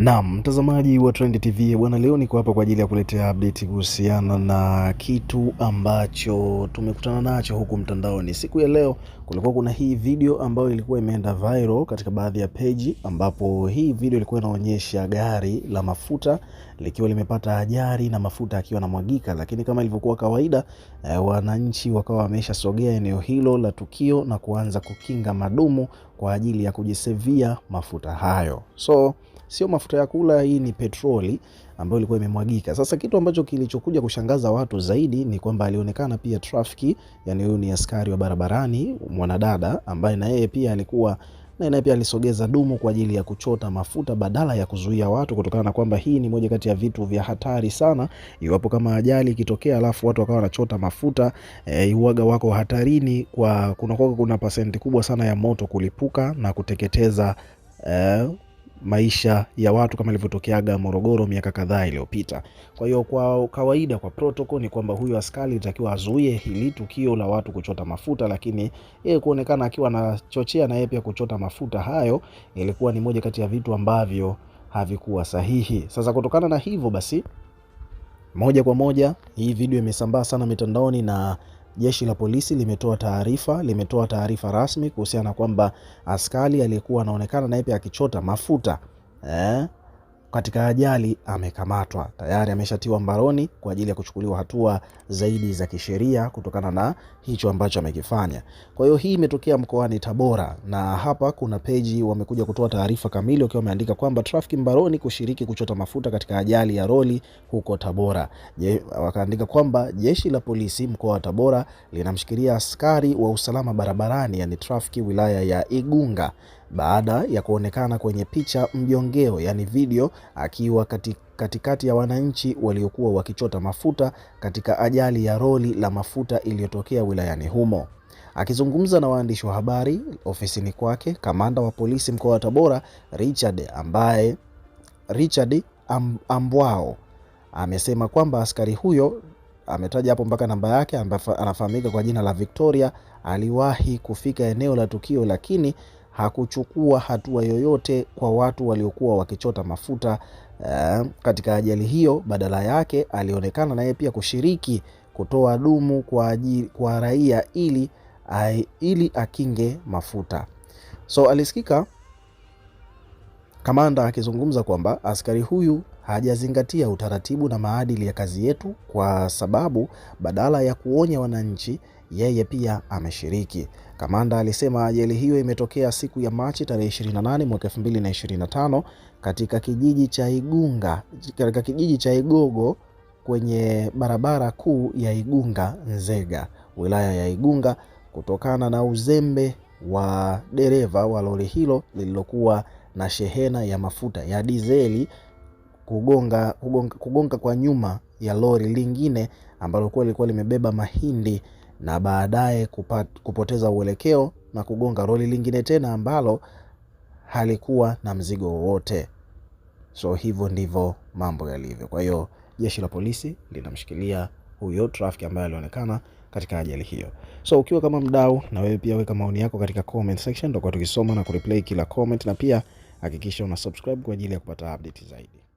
Naam, mtazamaji wa Trend TV bwana, leo niko hapa kwa ajili ya kuletea update kuhusiana na kitu ambacho tumekutana nacho huku mtandaoni siku ya leo. Kulikuwa kuna hii video ambayo ilikuwa imeenda viral katika baadhi ya peji, ambapo hii video ilikuwa inaonyesha gari la mafuta likiwa limepata ajali na mafuta akiwa anamwagika, lakini kama ilivyokuwa kawaida eh, wananchi wakawa wameshasogea eneo hilo la tukio na kuanza kukinga madumu kwa ajili ya kujisevia mafuta hayo. So sio mafuta ya kula, hii ni petroli ambayo ilikuwa imemwagika. Sasa kitu ambacho kilichokuja kushangaza watu zaidi ni kwamba alionekana pia trafiki, yani huyu ni askari wa barabarani mwanadada, ambaye na yeye pia alikuwa na naye pia alisogeza dumu kwa ajili ya kuchota mafuta badala ya kuzuia watu, kutokana na kwamba hii ni moja kati ya vitu vya hatari sana. Iwapo kama ajali ikitokea, alafu watu wakawa wanachota mafuta e, uwaga wako hatarini kwa kuna, kuna pasenti kubwa sana ya moto kulipuka na kuteketeza e, maisha ya watu kama ilivyotokeaga Morogoro miaka kadhaa iliyopita. Kwa hiyo kwa kawaida, kwa protocol ni kwamba huyo askari alitakiwa azuie hili tukio la watu kuchota mafuta, lakini yeye kuonekana akiwa anachochea na yeye pia kuchota mafuta hayo, ilikuwa ni moja kati ya vitu ambavyo havikuwa sahihi. Sasa kutokana na hivyo basi, moja kwa moja hii video imesambaa sana mitandaoni na Jeshi la polisi limetoa taarifa limetoa taarifa rasmi kuhusiana kwamba askari aliyekuwa anaonekana naye pia akichota mafuta eh, katika ajali amekamatwa tayari, ameshatiwa mbaroni kwa ajili ya kuchukuliwa hatua zaidi za kisheria kutokana na hicho ambacho amekifanya. Kwa hiyo hii imetokea mkoani Tabora, na hapa kuna peji wamekuja kutoa taarifa kamili wakiwa wameandika kwamba trafiki mbaroni kushiriki kuchota mafuta katika ajali ya roli huko Tabora. Je, wakaandika kwamba jeshi la polisi mkoa wa Tabora linamshikilia askari wa usalama barabarani, yani trafiki wilaya ya Igunga baada ya kuonekana kwenye picha mjongeo, yani video, akiwa katikati ya wananchi waliokuwa wakichota mafuta katika ajali ya roli la mafuta iliyotokea wilayani humo. Akizungumza na waandishi wa habari ofisini kwake, kamanda wa polisi mkoa wa Tabora Richard ambaye Richard Am, Ambwao amesema kwamba askari huyo ametaja hapo mpaka namba yake anafahamika kwa jina la Victoria aliwahi kufika eneo la tukio lakini hakuchukua hatua yoyote kwa watu waliokuwa wakichota mafuta eh, katika ajali hiyo. Badala yake alionekana naye pia kushiriki kutoa dumu kwa, ajili, kwa raia ili, ili akinge mafuta. So alisikika kamanda akizungumza kwamba askari huyu hajazingatia utaratibu na maadili ya kazi yetu, kwa sababu badala ya kuonya wananchi, yeye pia ameshiriki. Kamanda alisema ajali hiyo imetokea siku ya Machi tarehe 28 mwaka 2025 katika kijiji cha Igunga, katika kijiji cha Igogo kwenye barabara kuu ya Igunga Nzega, wilaya ya Igunga, kutokana na uzembe wa dereva wa lori hilo lililokuwa na shehena ya mafuta ya dizeli kugonga, kugonga, kugonga kwa nyuma ya lori lingine ambalo kuwa lilikuwa limebeba mahindi na baadaye kupoteza uelekeo na kugonga lori lingine tena ambalo halikuwa na mzigo wowote. So hivyo ndivyo mambo yalivyo. Kwa hiyo jeshi la polisi linamshikilia huyo trafiki ambaye alionekana katika ajali hiyo. So ukiwa kama mdau, na wewe pia weka maoni yako katika comment section, kwa tukisoma na kureplay kila comment, na pia hakikisha una subscribe kwa ajili ya kupata update zaidi.